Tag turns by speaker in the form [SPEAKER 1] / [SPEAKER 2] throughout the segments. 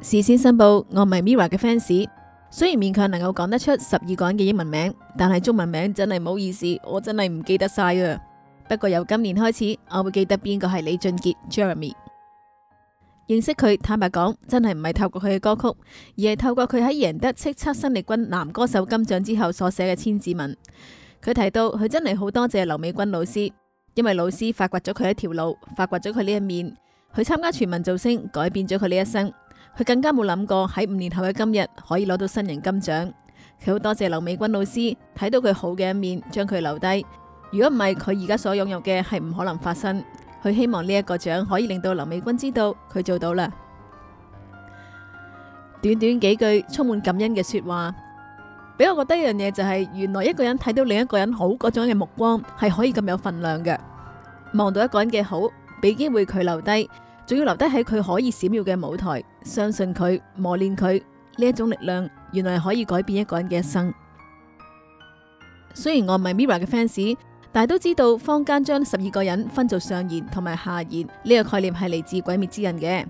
[SPEAKER 1] 事先申報，我唔係 Mira 嘅 fans，雖然勉強能夠講得出十二個人嘅英文名，但係中文名真係唔好意思，我真係唔記得晒啊！不過由今年開始，我會記得邊個係李俊傑 Jeremy。認識佢，坦白講，真係唔係透過佢嘅歌曲，而係透過佢喺贏得叱咤新力軍男歌手金獎之後所寫嘅《千字文》。佢提到佢真係好多謝劉美君老師，因為老師發掘咗佢一條路，發掘咗佢呢一面，佢參加全民造星，改變咗佢呢一生。佢更加冇諗過喺五年後嘅今日可以攞到新人金獎。佢好多謝劉美君老師睇到佢好嘅一面，將佢留低。如果唔係，佢而家所擁有嘅係唔可能發生。佢希望呢一個獎可以令到劉美君知道佢做到啦。短短幾句充滿感恩嘅說話，俾我覺得一樣嘢就係，原來一個人睇到另一個人好嗰種嘅目光係可以咁有分量嘅。望到一個人嘅好，俾機會佢留低。仲要留低喺佢可以閃耀嘅舞台，相信佢磨練佢呢一種力量，原來可以改變一個人嘅一生。雖然我唔係 Mira 嘅 fans，但係都知道坊間將十二個人分做上弦同埋下弦，呢、這個概念係嚟自《鬼滅之刃》嘅。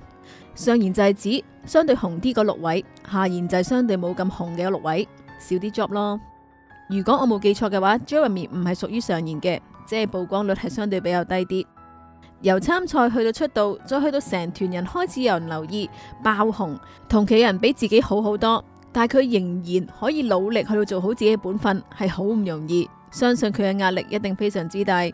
[SPEAKER 1] 上弦就係指相對紅啲嗰六位，下弦就係相對冇咁紅嘅六位，少啲 job 咯。如果我冇記錯嘅話，Jeremy 唔係屬於上弦嘅，即係曝光率係相對比較低啲。由參賽去到出道，再去到成團人開始有人留意爆紅，同其他人比自己好好多，但係佢仍然可以努力去到做好自己嘅本分，係好唔容易。相信佢嘅壓力一定非常之大。佢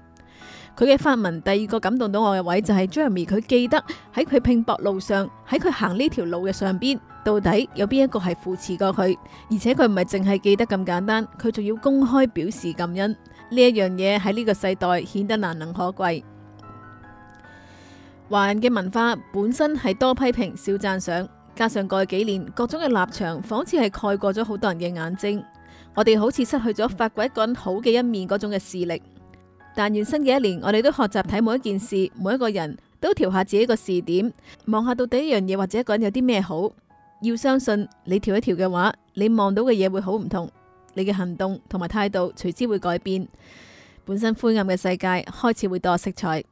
[SPEAKER 1] 嘅發文第二個感動到我嘅位就係 Jeremy 佢記得喺佢拼搏路上，喺佢行呢條路嘅上邊，到底有邊一個係扶持過佢，而且佢唔係淨係記得咁簡單，佢仲要公開表示感恩呢一樣嘢喺呢個世代顯得難能可貴。華人嘅文化本身係多批評少讚賞，加上過去幾年各種嘅立場，仿似係蓋過咗好多人嘅眼睛。我哋好似失去咗發掘一個人好嘅一面嗰種嘅視力。但願新嘅一年，我哋都學習睇每一件事，每一個人都調下自己個視點，望下到底一樣嘢或者一個人有啲咩好。要相信你調一調嘅話，你望到嘅嘢會好唔同，你嘅行動同埋態度隨之會改變。本身灰暗嘅世界開始會多色彩。